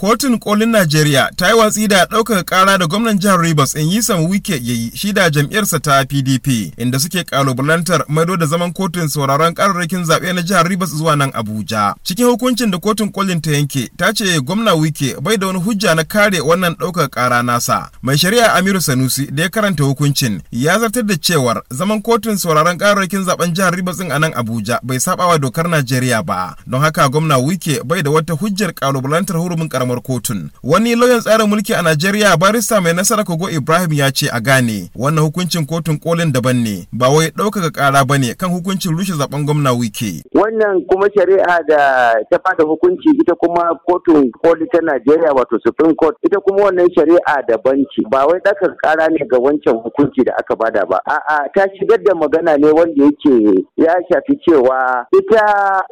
kotun kolin najeriya ta yi watsi da ɗaukaka ƙara da gwamnan jihar rivers in yi san wike ya yi shi da jam'iyyarsa ta pdp inda suke kalubalantar maido da zaman kotun sauraron kararrakin zaɓe na jihar rivers zuwa nan abuja cikin hukuncin da kotun kolin ta yanke ta ce gwamna wike bai da wani hujja na kare wannan ɗaukaka kara nasa mai shari'a amiru sanusi da ya karanta hukuncin ya zartar da cewar zaman kotun sauraron kararrakin zaɓen jihar rivers a nan abuja bai saɓawa dokar najeriya ba don haka gwamna wike bai da wata hujjar kalubalantar hurumin karamar kotun wani lauyan tsarin mulki a najeriya barista mai nasara kogo ibrahim ya ce a gane wannan hukuncin kotun kolin daban ne ba wai ɗaukaka ƙara ba ne kan hukuncin rushe zaben gwamna wike wannan kuma shari'a da ta fada hukunci ita kuma kotun koli ta najeriya wato supreme court ita kuma wannan shari'a daban ce ba wai ɗaukaka ƙara ne ga wancan hukunci da aka bada ba a'a ta shigar da magana ne wanda yake ya shafi cewa ita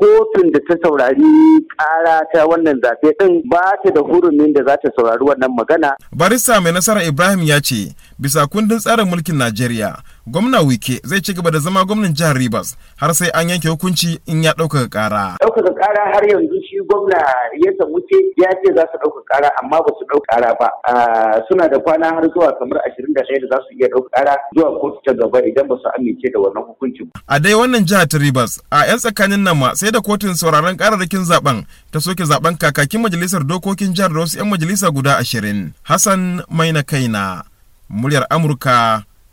kotun da ta saurari kara ta wannan zaɓe ɗin ba ce da hurumin da za ta saurari wannan magana. Barista mai nasara Ibrahim ya ce bisa kundin tsarin mulkin Najeriya gwamna wike zai ci gaba da zama gwamnan jihar rivers har sai an yanke hukunci in ya ɗaukaka ƙara ɗaukaka ƙara har yanzu shi gwamna ya samu ce ya ce za su ɗauka ƙara amma ba su ɗauka ƙara ba ah, suna da kwana har zuwa kamar ashirin da ɗaya da za su iya ɗauka ƙara zuwa kotu ta gaba idan ba su amince da wannan hukuncin a dai wannan jihar ta rivers a 'yan tsakanin nan ma sai da kotun sauraron ƙararrakin zaben ta soke zaben kakakin majalisar dokokin jihar da wasu 'yan majalisa guda ashirin hassan maina kaina muryar amurka